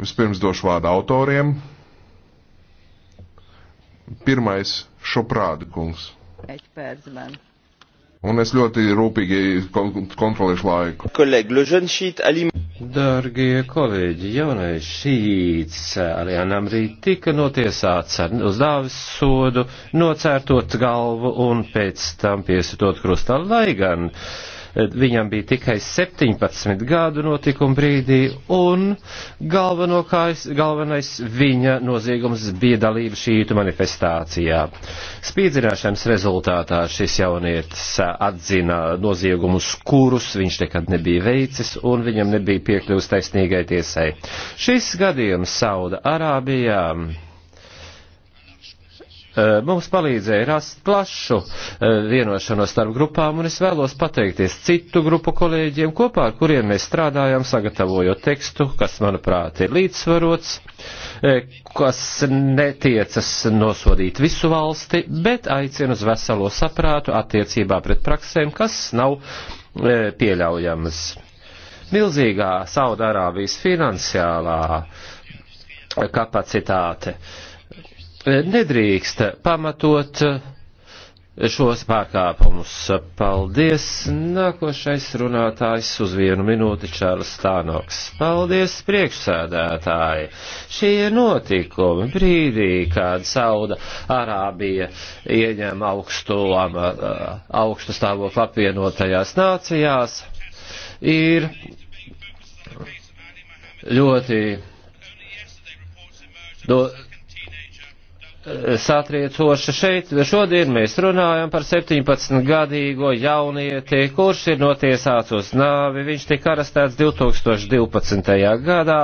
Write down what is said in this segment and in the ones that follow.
Vispirms došu vārdu autoriem. Pirmais - Šoprāda kungs. Un es ļoti rūpīgi kontrolēšu laiku. Dārgie kolēģi, jaunais šīts Alianamrī tika notiesāts ar uz dāvis sodu, nocērtot galvu un pēc tam piesitot krustā, lai gan. Uh, Viņam bija tikai 17 gadu notikuma brīdī, un galvenais, galvenais viņa noziegums bija dalība šītu manifestācijā. Spīdzināšanas rezultātā šis jaunietis atzina noziegumus, kurus viņš nekad nebija veicis, un viņam nebija piekļuvis taisnīgai tiesai. Šis gadījums Sauda Arābijā Eh, mums palīdzēja rast plašu eh, vienošanos starp grupām, un es vēlos pateikties citu grupu kolēģiem, kopā ar kuriem mēs strādājam, sagatavojot tekstu, kas, manuprāt, ir līdzsvarots, eh, kas netiecas nosodīt visu valsti, bet aicina uz veselo saprātu attiecībā pret praksēm, kas nav pieļaujamas. Milzīgā Saudārābijas finansiālā kapacitāte. Uh, nedrīkst pamatot šos pārkāpumus. Paldies! Nākošais runātājs uz vienu minūti Čārlis Stānoks. Paldies, priekšsēdētāji! Šie notikumi brīdī, kad Sauda Arābija ieņem augstu, augstu stāvokli apvienotajās nācijās, ir ļoti. Do, satriecoša šeit. Šodien mēs runājam par 17-gadīgo jaunieti, kurš ir notiesāts uz nāvi. Viņš tika arestēts 2012. gadā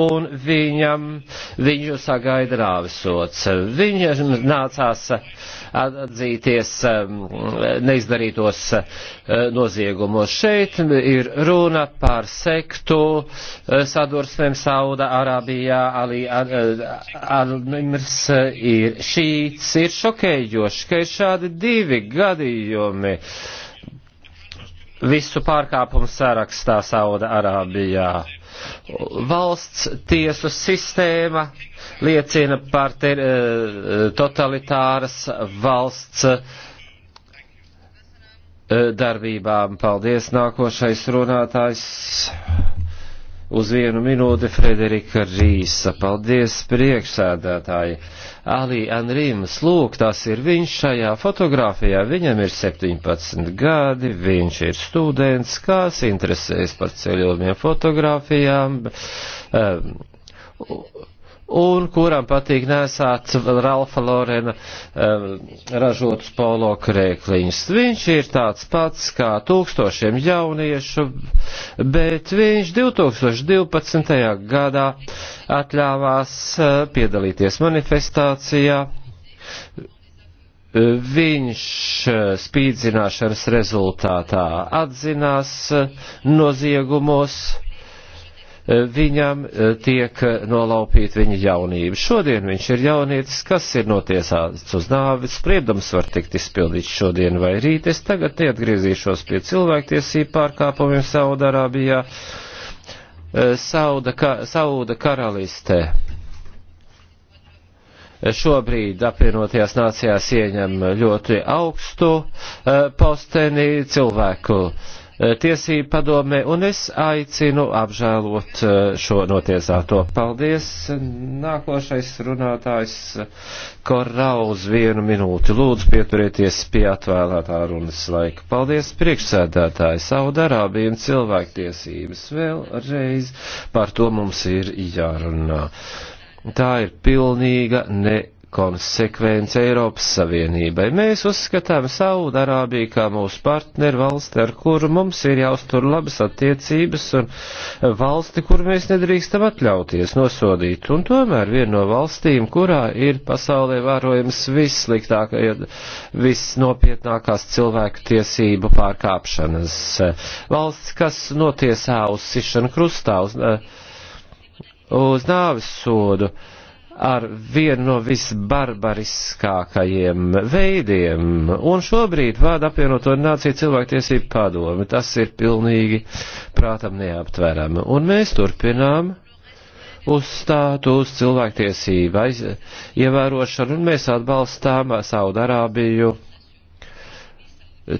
un viņam, viņu sagaida rāvisots. Viņam nācās atzīties um, neizdarītos uh, noziegumos. Šeit ir runa par sektu uh, sadursmēm Sauda Arābijā, Ali Al-Nimrs. Al, al, al, al, al, al, al, al, ir šīts, ir šokējoši, ka ir šādi divi gadījumi visu pārkāpumu sarakstā Sauda Arābijā. Valsts tiesu sistēma liecina par ter, eh, totalitāras valsts eh, darbībām. Paldies, nākošais runātājs. Uz vienu minūti Frederika Rīsa. Paldies priekšsēdētāji. Ali Anrīms, lūk, tas ir viņš šajā fotografijā. Viņam ir 17 gadi, viņš ir students, kas interesējas par ceļojumiem fotografijām. Um, un kuram patīk nesāt Ralfa Lorena um, ražotus polo krēkliņus. Viņš ir tāds pats kā tūkstošiem jauniešu, bet viņš 2012. gadā atļāvās uh, piedalīties manifestācijā. Viņš eh, spīdzināšanas rezultātā atzinās noziegumos, viņam eh, tiek eh, nolaupīta viņa jaunība. Šodien viņš ir jaunietis, kas ir notiesāts uz nāvis, spriedums var tikt izpildīts šodien vai rīt. Es tagad neatgriezīšos pie cilvēktiesību pārkāpumiem Saudarābijā, eh, Sauda, ka, Sauda karalistē. Šobrīd apvienotajās nācijās ieņem ļoti augstu posteni cilvēku uh, Eh, tiesību padomē, un es aicinu apžēlot eh, šo notiesāto. Paldies! Nākošais runātājs Korrauz vienu minūti. Lūdzu, pieturieties pie atvēlētā runas laika. Paldies, priekšsēdētāji! Saudarābija un cilvēktiesības vēlreiz par to mums ir jārunā. Tā ir pilnīga ne konsekvence Eiropas Savienībai. Mēs uzskatām Saudarābiju kā mūsu partneru valsti, ar kuru mums ir jāuztur labas attiecības un valsti, kur mēs nedrīkstam atļauties nosodīt. Un tomēr viena no valstīm, kurā ir pasaulē vērojams vissliktākā, visnopietnākās cilvēku tiesību pārkāpšanas. Valsts, kas notiesā uz sišanu krustā, uz, uz nāvis sodu. Uh, ar vienu no visbarbariskākajiem veidiem, un šobrīd vada apvienoto nāciju cilvēktiesību padomi. Tas ir pilnīgi prātam neaptverami. Un mēs turpinām uzstāt uz cilvēktiesību aiz, ievērošanu, un mēs atbalstām Saudarābiju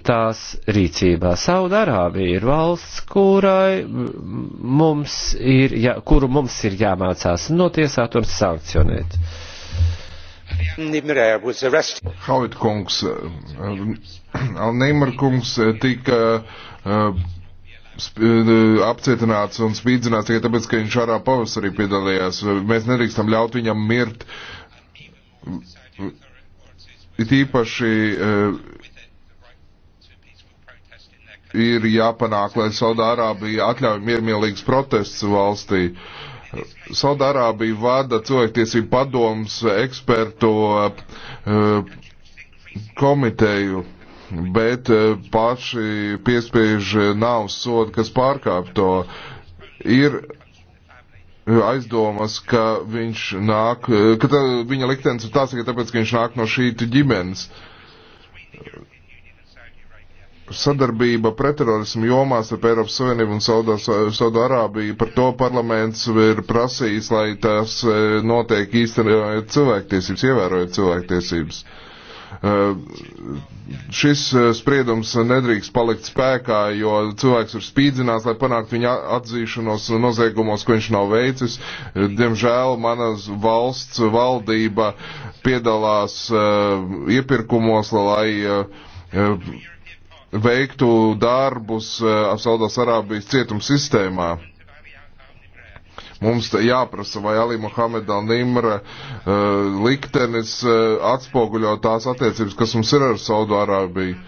tās rīcībā. Saudārābija ir valsts, kurai mums ir, ja, kuru mums ir jāmācās notiesāt un sankcionēt. Hauit kungs, Alneimar kungs tika uh, uh, apcietināts un spīdzināts tikai tāpēc, ka viņš šārā pavasarī piedalījās. Mēs nedrīkstam ļaut viņam mirt. It īpaši uh, ir jāpanāk, lai Saudārābija atļauj miermīlīgas protests valstī. Saudārābija vada cilvēktiesību padomus ekspertu uh, komiteju, bet uh, paši piespiež nav sodu, kas pārkāp to. Ir aizdomas, ka viņš nāk, eh, ka tā, viņa liktenis ir tāds, ka tāpēc, ka viņš nāk no šīta ģimenes sadarbība pretterorismu jomās ar Eiropas Savienību un Saudārābiju. Par to parlaments ir prasījis, lai tas e, notiek īstenojot cilvēktiesības, ievērojot cilvēktiesības. E, šis e, spriedums nedrīkst palikt spēkā, jo cilvēks ir spīdzināts, lai panāktu viņa atzīšanos noziegumos, ko viņš nav veicis. Diemžēl manas valsts valdība piedalās iepirkumos, lai veiktu darbus eh, Saudās Arābijas cietums sistēmā. Mums jāprasa, vai Ali Mohamed Al-Nimra uh, eh, liktenis uh, atspoguļo tās attiecības, kas mums ir ar Saudu Arābiju.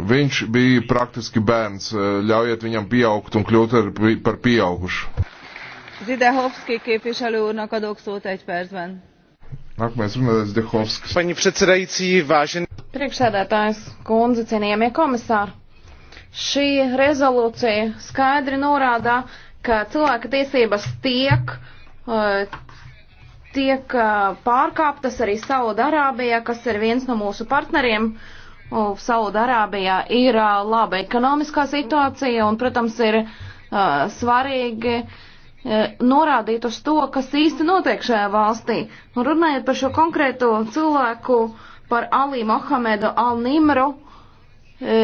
Viņš bija praktiski bērns. Uh, ļaujiet viņam pieaugt un kļūt ar, par pieaugušu. Zidehovski képviselő úrnak adok szót egy percben. Nākamais runātājs Dehovskis. Pani predsedajúci, vážený priekšsēdētājs kundze, cienījamie komisāri. Šī rezolūcija skaidri norāda, ka cilvēka tiesības tiek, eh, tiek eh, pārkāptas arī Saudarābijā, kas ir viens no mūsu partneriem. Saudarābijā ir eh, laba ekonomiskā situācija un, protams, ir svarīgi norādīt uz to, kas īsti notiek šajā valstī. Un runājot par šo konkrēto cilvēku uh, par Alī Mohamedu Al-Nimru. E,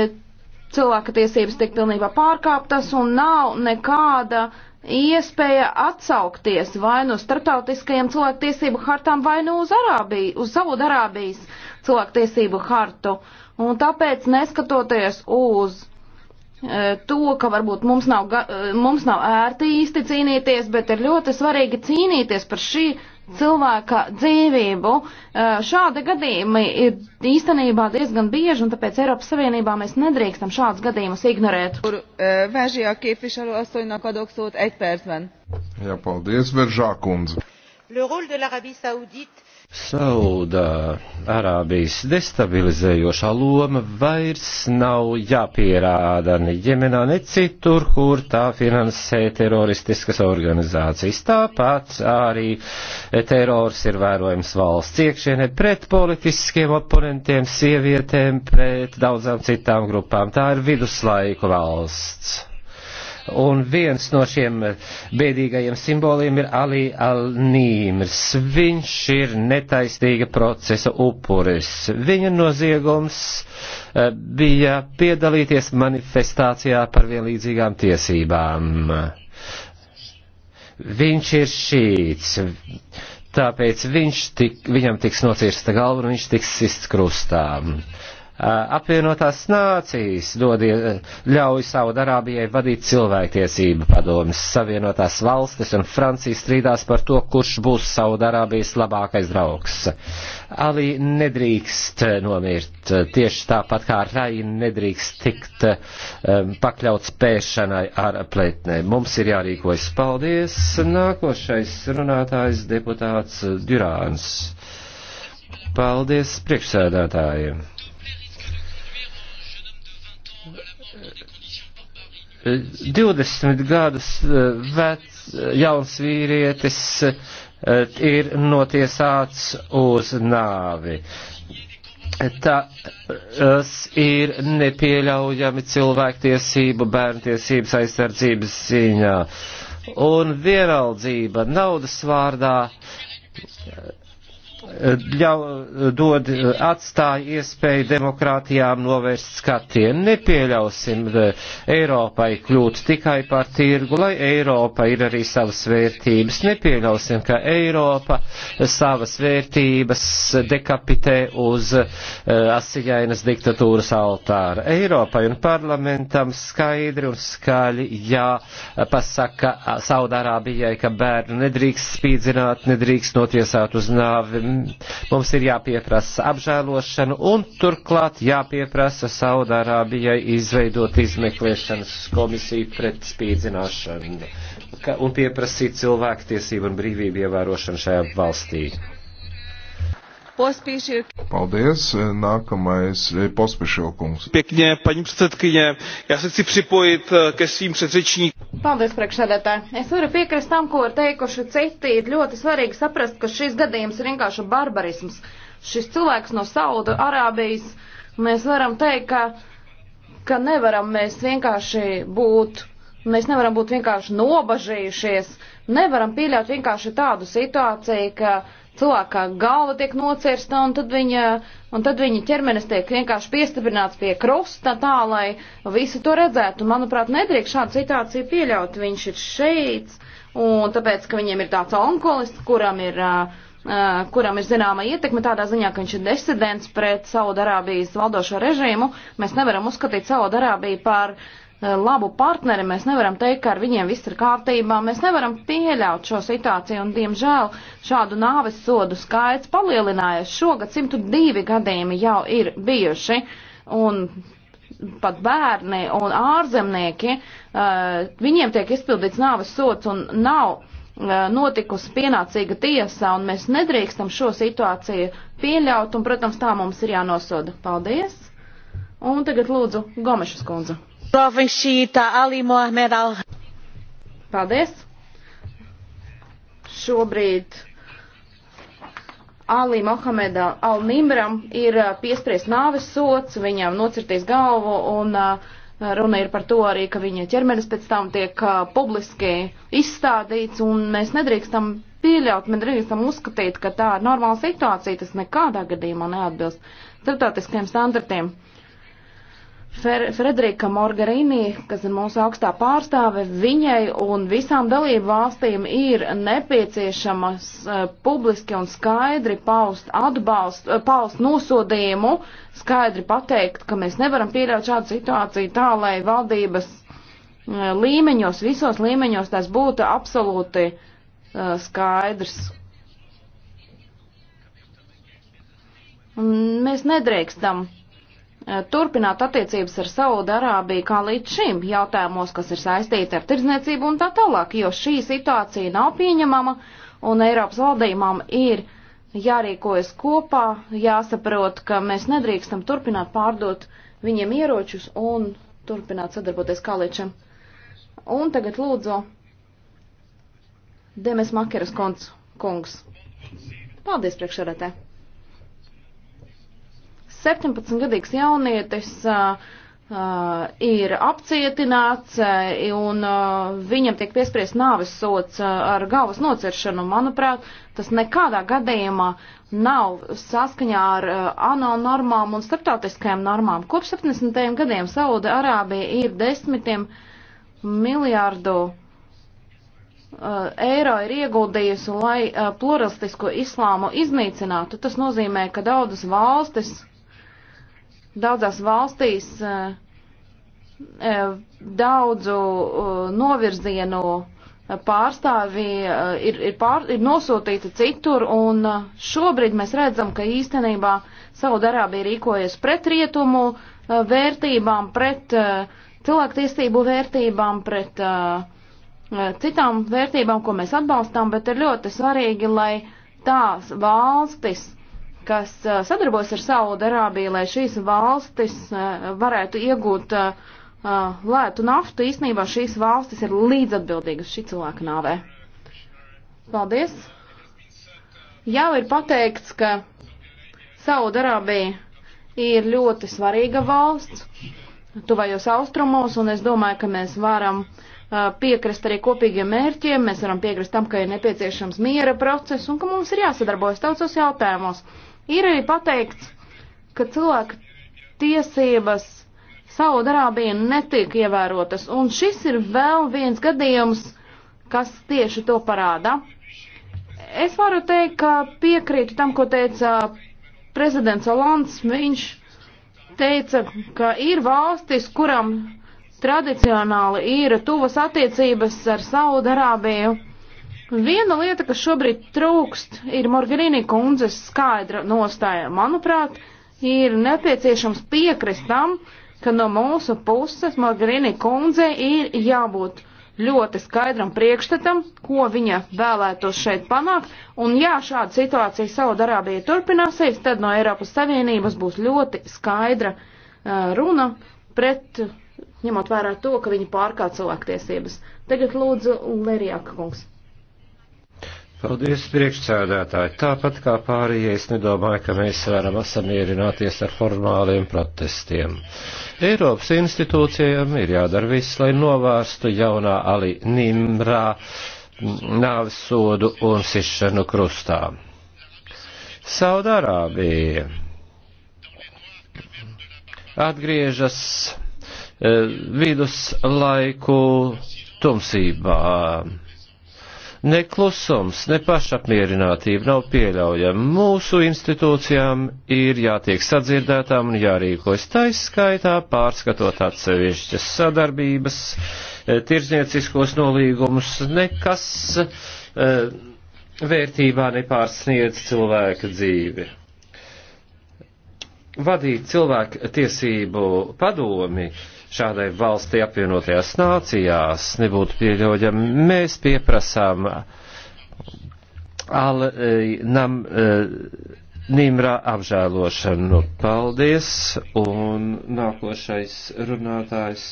cilvēka tiesības tiek pilnībā pārkāptas un nav nekāda iespēja atsaukties vai nu no starptautiskajiem cilvēktiesību hartām, vai nu no uz, Arābiju, uz Saudarābijas cilvēktiesību hartu. Un tāpēc, neskatoties uz e, to, ka varbūt mums nav, e, mums nav ērti īsti cīnīties, bet ir ļoti svarīgi cīnīties par šī cilvēka dzīvību. Eh, šādi gadījumi ir īstenībā diezgan bieži, un tāpēc Eiropas Savienībā mēs nedrīkstam šādus gadījumus ignorēt. Eh, Vēžījā képviselő asszonynak adok szót egy percben. Jā, paldies, Veržā kundze. Le rôle de l'Arabie Saoudite Saudā Arābijas destabilizējošā loma vairs nav jāpierāda ne ģemenā, ne citur, kur tā finansē teroristiskas organizācijas. Tāpat arī terors ir vērojams valsts iekšienē pret politiskiem oponentiem, sievietēm, pret daudzām citām grupām. Tā ir viduslaiku valsts. Un viens no šiem bēdīgajiem simboliem ir Ali Alnīmrs. Viņš ir netaisnīga procesa upuris. Viņa noziegums eh, bija piedalīties manifestācijā par vienlīdzīgām tiesībām. Viņš ir šīts. Tāpēc viņš tik, viņam tiks nocirsta galva un viņš tiks sists krustām. Eh, apvienotās nācijas dod, ļauj Saudarābijai vadīt cilvēktiesību padomis. Savienotās valstis un Francija strīdās par to, kurš būs Saudarābijas labākais draugs. Ali nedrīkst nomirt, tieši tāpat kā Raina nedrīkst tikt um, pakļauts pēšanai ar pletnēm. Mums ir jārīkojas. Paldies! Nākošais runātājs deputāts Durāns. Paldies priekšsēdētājiem! 20 gadus eh, vecs jauns vīrietis eh, ir notiesāts uz nāvi. Tas ir nepieļaujami cilvēktiesību, bērntiesības aizsardzības ziņā. Un vienaldzība naudas vārdā ļau, dod, eh, atstāja iespēju demokrātijām novērst skatienu. Nepieļausim eh, Eiropai kļūt tikai par tirgu, lai Eiropa ir arī savas vērtības. Nepieļausim, ka Eiropa savas vērtības dekapitē uz eh, asiņainas diktatūras altāra. Eiropai un parlamentam skaidri un skaļi jāpasaka Saudārābijai, ka bērnu nedrīkst spīdzināt, nedrīkst notiesāt uz nāvi mums ir jāpieprasa apžēlošana un turklāt jāpieprasa Saudārābijai izveidot izmeklēšanas komisiju pret spīdzināšanu un pieprasīt cilvēku tiesību un brīvību ievērošanu šajā valstī. Pospíšil. Paldies. Nākamais eh, pospíšilkums. Pěkně, paní předsedkyně, já se chci připojit eh, ke svým předřečníkům. Paldies, priekšsēdētāji. Es varu piekrist tam, ko ir teikuši citi. Ir ļoti svarīgi saprast, ka šis gadījums ir vienkārši barbarisms. Šis cilvēks no Saudu Arābijas, mēs varam teikt, ka, ka nevaram mēs vienkārši būt, mēs nevaram būt vienkārši nobažījušies, nevaram pieļaut vienkārši tādu situāciju, ka cilvēkā galva tiek nocirsta, un tad viņa, un tad viņa ķermenis tiek vienkārši piestiprināts pie krusta tā, lai visi to redzētu. Un, manuprāt, nedrīkst šādu situāciju pieļaut. Viņš ir šeit, un tāpēc, ka viņiem ir tāds onkolists, kuram ir, uh, kuram ir zināma ietekme tādā ziņā, ka viņš ir desidents pret Saudarābijas valdošo režīmu, mēs nevaram uzskatīt Saudarābiju par uh, Eh, labu partneri, mēs nevaram teikt, ka ar viņiem viss ir kārtībā, mēs nevaram pieļaut šo situāciju, un, diemžēl, šādu nāves sodu skaits palielinājies. Šogad 102 gadījumi jau ir bijuši, un pat bērni un ārzemnieki, eh, viņiem tiek izpildīts nāves sots, un nav eh, notikusi pienācīga tiesā, un mēs nedrīkstam šo situāciju pieļaut, un, protams, tā mums ir jānosoda. Paldies! Un tagad lūdzu Gomešas kundze. Jovem šīta Ali Mohamed Al. Paldies! Šobrīd Ali Mohamedam Al-Nimram ir uh, piespriezt nāves sots, viņam nocirtīs galvu un uh, runa ir par to arī, ka viņa ķermenis pēc tam tiek uh, publiski izstādīts un mēs nedrīkstam pieļaut, mēs nedrīkstam uzskatīt, ka tā ir normāla situācija, tas nekādā gadījumā neatbilst starptautiskajiem standartiem. Frederika Morgarīnī, kas ir mūsu augstā pārstāve, viņai un visām dalību valstīm ir nepieciešamas uh, publiski un skaidri paust atbalstu, uh, eh, paust nosodījumu, skaidri pateikt, ka mēs nevaram pieļaut šādu situāciju tā, lai valdības uh, līmeņos, visos līmeņos tas būtu absolūti skaidrs. Mēs nedrīkstam Eh, turpināt attiecības ar Saudarābiju kā līdz šim jautājumos, kas ir saistīti ar tirdzniecību un tā tālāk, jo šī situācija nav pieņemama un Eiropas valdībām ir jārīkojas kopā, jāsaprot, ka mēs nedrīkstam turpināt pārdot viņiem ieročus un turpināt sadarboties kā līdz šim. Un tagad lūdzu Demes Makeras kungs. Paldies priekšsēdētāji! 17-gadīgs jaunietis uh, uh, ir apcietināts uh, un uh, viņam tiek piespriezt nāves sots uh, ar galvas nociršanu. Manuprāt, tas nekādā gadījumā nav saskaņā ar uh, ANO normām un starptautiskajām normām. Kopš 70. gadiem Sauda Arābija ir desmitiem miljārdu eiro ir ieguldījusi, lai pluralistisko islāmu iznīcinātu. Tas nozīmē, ka daudzas valstis Daudzās valstīs eh, eh, daudzu eh, novirzienu pārstāvji ir, ir, pār, ir nosūtīti citur, un šobrīd mēs redzam, ka īstenībā Saudarābija rīkojas pret rietumu vērtībām, pret cilvēktiestību vērtībām, pret citām vērtībām, ko mēs atbalstām, bet ir ļoti svarīgi, lai tās valstis, kas uh, sadarbojas ar Saudarābiju, lai šīs valstis uh, varētu iegūt uh, lētu naftu. Īsnībā šīs valstis ir līdzatbildīgas šī cilvēka nāvē. Paldies! Jau ir pateikts, ka Saudarābija ir ļoti svarīga valsts tuvajos austrumos, un es domāju, ka mēs varam piekrist arī kopīgiem mērķiem, mēs varam piekrist tam, ka ir nepieciešams miera process un ka mums ir jāsadarbojas daudzos jautājumos. Ir arī pateikts, ka cilvēku tiesības Saudarābija netiek ievērotas, un šis ir vēl viens gadījums, kas tieši to parāda. Es varu teikt, ka piekrītu tam, ko teica prezidents Olands. Viņš teica, ka ir valstis, kuram tradicionāli ir tuvas attiecības ar Saudarābiju. Viena lieta, kas šobrīd trūkst, ir Morganīna kundzes skaidra nostāja. Manuprāt, ir nepieciešams piekrist tam, ka no mūsu puses Morganīna kundze ir jābūt ļoti skaidram priekšstatam, ko viņa vēlētos šeit panākt, un ja šāda situācija Saudarābija turpināsies, tad no Eiropas Savienības būs ļoti skaidra uh, runa pret, ņemot vērā to, ka viņi pārkāp cilvēktiesības. Tagad lūdzu Lerijāka kungs. Paldies, priekšsēdētāji. Tāpat kā pārējie, es nedomāju, ka mēs varam samierināties ar formāliem protestiem. Eiropas institūcijām ir jādara viss, lai novērstu jaunā Ali Nimrā nāves sodu un sišanu krustā. Saudārābija atgriežas eh, viduslaiku tumsībā Ne klusums, ne pašapmierinātība nav pieļaujama. Mūsu institūcijām ir jātiek sadzirdētām un jārīkojas taiskaitā, pārskatot atsevišķas sadarbības, eh, tirdznieciskos nolīgumus, nekas eh, vērtībā nepārsniedz cilvēka dzīvi vadīt cilvēku tiesību padomi šādai valstī apvienotajās nācijās nebūtu pieļaujami. Mēs pieprasām Al-Nam eh, eh, Nimrā apžēlošanu. Paldies! Un nākošais runātājs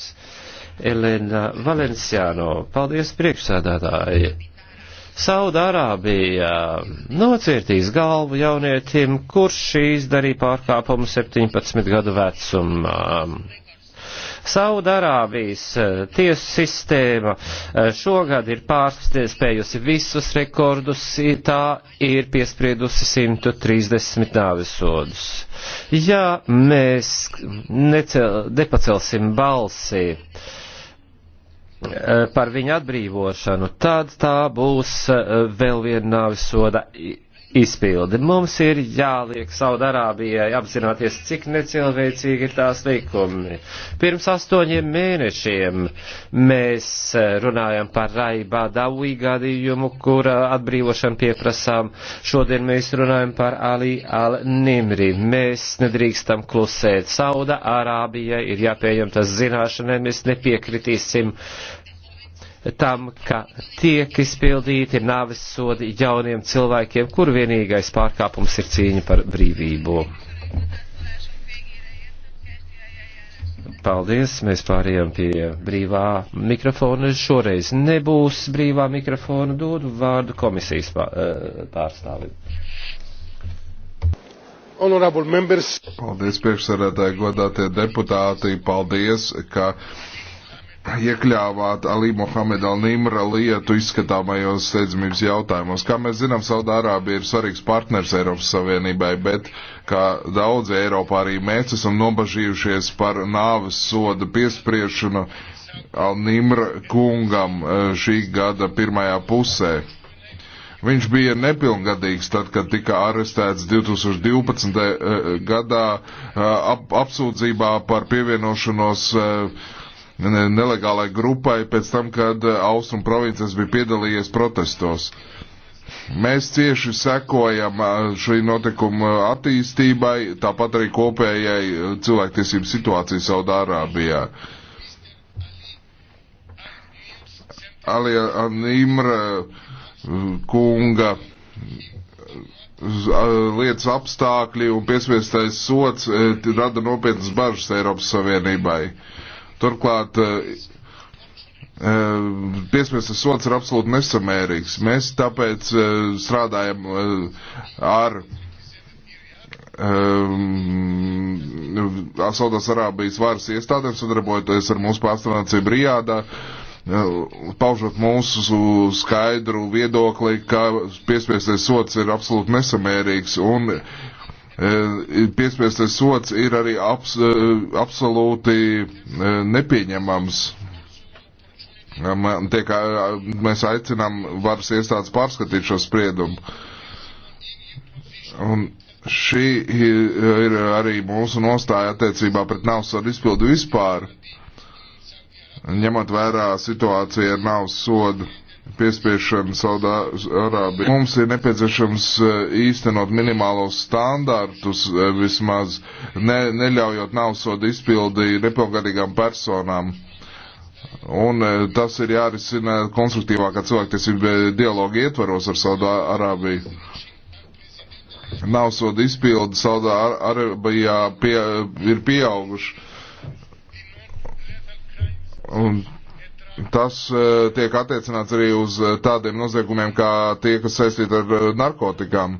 Elena Valenciano. Paldies priekšsēdētāji! Saudārābija nocirtīs galvu jaunietim, kurš izdarīja pārkāpumu 17 gadu vecumā. Saudarābijas eh, tiesu sistēma eh, šogad ir pārspējusi visus rekordus, tā ir piespriedusi 130 nāvisodus. Ja mēs necel, nepacelsim balsi, eh, par viņa atbrīvošanu, tad tā būs vēl viena nāvisoda izpildi. Mums ir jāliek Saudarābijai apzināties, cik necilvēcīgi ir tās likumi. Pirms astoņiem mēnešiem mēs eh, runājam par Raibā Davī gadījumu, kura atbrīvošanu pieprasām. Šodien mēs runājam par Ali Al-Nimri. Mēs nedrīkstam klusēt. Sauda Arābijai ir jāpieņem tas zināšanai. Mēs nepiekritīsim tam, ka tiek izpildīti nāves sodi jauniem cilvēkiem, kur vienīgais pārkāpums ir cīņa par brīvību. Paldies, mēs pārējām pie brīvā mikrofona. Šoreiz nebūs brīvā mikrofona, dodu vārdu komisijas eh, pārstāvim. Paldies, priekšsarētāji, godātie deputāti, paldies, ka uh, iekļāvāt Ali Mohamed Al-Nimra lietu izskatāmajos steidzamības jautājumos. Kā mēs zinām, Saudārābija ir svarīgs partners Eiropas Savienībai, bet kā daudzi Eiropā arī mēs esam nobažījušies par nāves soda piespriešanu Al-Nimra kungam e, šī gada pirmajā pusē. Viņš bija nepilngadīgs tad, kad tika arestēts 2012. E, gadā e, ap, apsūdzībā par pievienošanos uh, nelegālai grupai pēc tam, kad uh, Austrum provinces bija piedalījies protestos. Mēs cieši sekojam uh, šī notikuma attīstībai, tāpat arī kopējai uh, cilvēktiesību situācijai Saudārābijā. Alija Nimra kunga lietas apstākļi un piesviestais sots rada nopietnas bažas Eiropas Savienībai. Uh, Turklāt eh, eh, piespiestas sots ir absolūti nesamērīgs. Mēs tāpēc eh, strādājam ar Saudās Arābijas varas iestādēm, sadarbojoties ar mūsu pārstāvniecību Rijādā paužot mūsu skaidru viedokli, ka piespiestais sots ir absolūti nesamērīgs un Eh, piespiestais sots ir arī abs, eh, absolūti eh, nepieņemams. Tie, kā mēs aicinām varas iestādes pārskatīt šo spriedumu. Un šī ir arī mūsu nostāja attiecībā pret navsodu izpildu vispār, ņemot vērā situāciju ar navsodu piespiešana Saudārābija. Mums ir nepieciešams eh, īstenot minimālos standartus, eh, vismaz ne, neļaujot nausodu izpildi nepilngadīgām personām. Un eh, tas ir jārisina konstruktīvākā cilvēktiesība dialoga ietvaros ar Saudārābiju. Nausodu izpildi Saudārābijā pie, ir pieauguši. Un Tas e, tiek attiecināts arī uz e, tādiem noziegumiem, kā tie, kas saistīti ar e, narkotikām,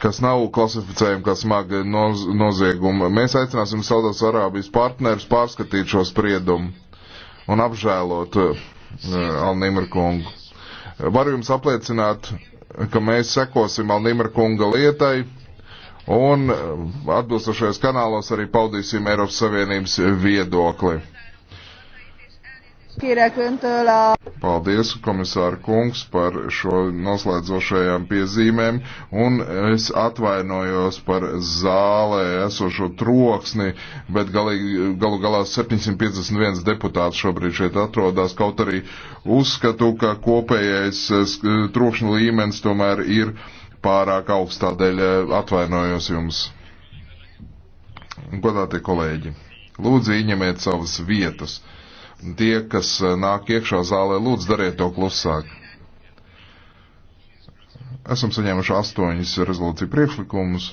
kas nav klasificējami kā smagi noz noziegumi. Mēs aicināsim Saudās Arābijas partnerus pārskatīt šo spriedumu un apžēlot Alnīmar kungu. Varu jums apliecināt, ka mēs sekosim Alnīmar kunga lietai un atbilstošajos kanālos arī paudīsim Eiropas Savienības viedokli. Paldies, komisāra kungs, par šo noslēdzošajām piezīmēm, un es atvainojos par zālē esošo troksni, bet galīgi, galu galā 751 deputāts šobrīd šeit atrodas, kaut arī uzskatu, ka kopējais trokšņa līmenis tomēr ir pārāk augsts, tādēļ e, atvainojos jums. Godātie kolēģi, lūdzu ieņemiet savas vietas. Tie, kas e, nāk iekšā zālē, lūdzu, dariet to klusāk. Esam saņēmuši astoņas rezolūciju priekšlikumus.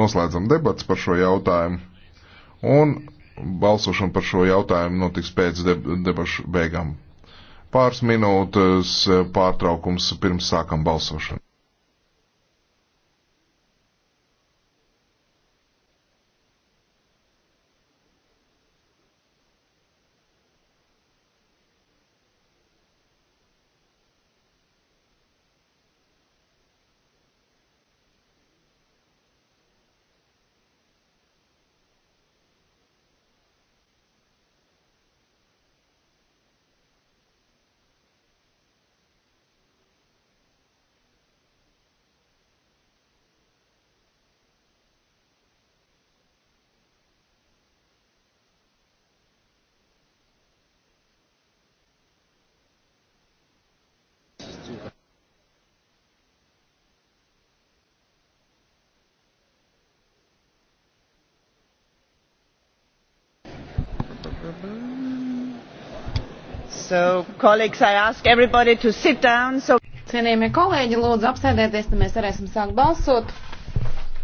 Noslēdzam debats par šo jautājumu. Un balsošana par šo jautājumu notiks pēc debašu beigām. Pāris minūtes e, pārtraukums pirms sākam balsošanu. So, down, so... Cienījamie kolēģi, lūdzu apsēdieties, tad mēs varēsim sākt balsot.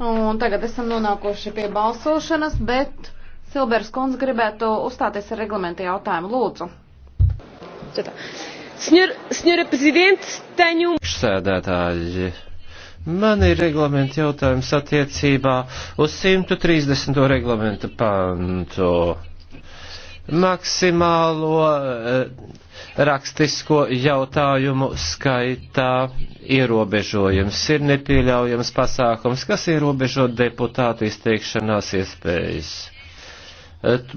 Un tagad esam nonākuši pie balsošanas, bet Silbers kundze gribētu uzstāties ar reglamenta jautājumu. Lūdzu. Senjora prezidents, teņu. Um- Sēdētāji, man ir reglamenta jautājums attiecībā uz 130. reglamenta pantu maksimālo eh, rakstisko jautājumu skaitā ierobežojums. Ir nepieļaujams pasākums, kas ierobežo deputātu izteikšanās iespējas.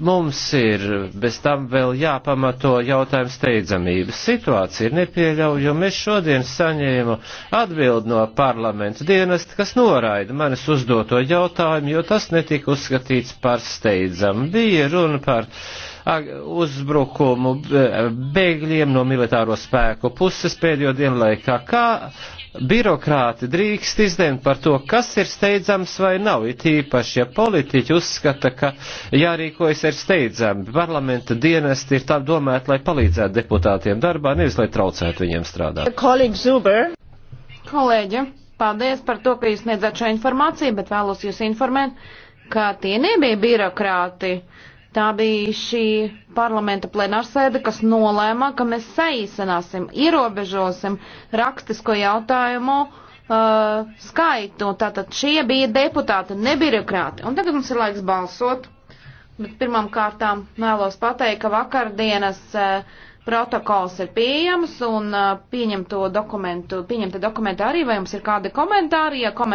Mums ir bez tam vēl jāpamato jautājums steidzamības. Situācija ir nepieļaujama. Es šodien saņēmu atbildi no parlamenta dienesta, kas noraida manis uzdoto jautājumu, jo tas netika uzskatīts par steidzamu. Bija runa par uh, uzbrukumu bēgļiem no militāro spēku puses pēdējo dienu laikā. Kā birokrāti drīkst izdemt par to, kas ir steidzams vai nav, it īpaši, ja politiķi uzskata, ka jārīkojas ir steidzami. Parlamenta dienesti ir tā domāti, lai palīdzētu deputātiem darbā, nevis lai traucētu viņiem strādāt. Kolēģi Zuber. Kolēģi, paldies par to, ka jūs sniedzat šo informāciju, bet vēlos jūs informēt, ka tie nebija birokrāti. Tā bija šī parlamenta plenārsēde, kas nolēma, ka mēs saīsināsim, ierobežosim rakstisko jautājumu uh, skaitu. Tātad šie bija deputāti, ne birokrāti. Un tagad mums ir laiks balsot. Bet pirmām kārtām vēlos pateikt, ka vakardienas uh, protokols ir pieejams un uh, pieņemto dokumentu, pieņemta dokumenta arī, vai jums ir kādi komentāri? Ja komentāri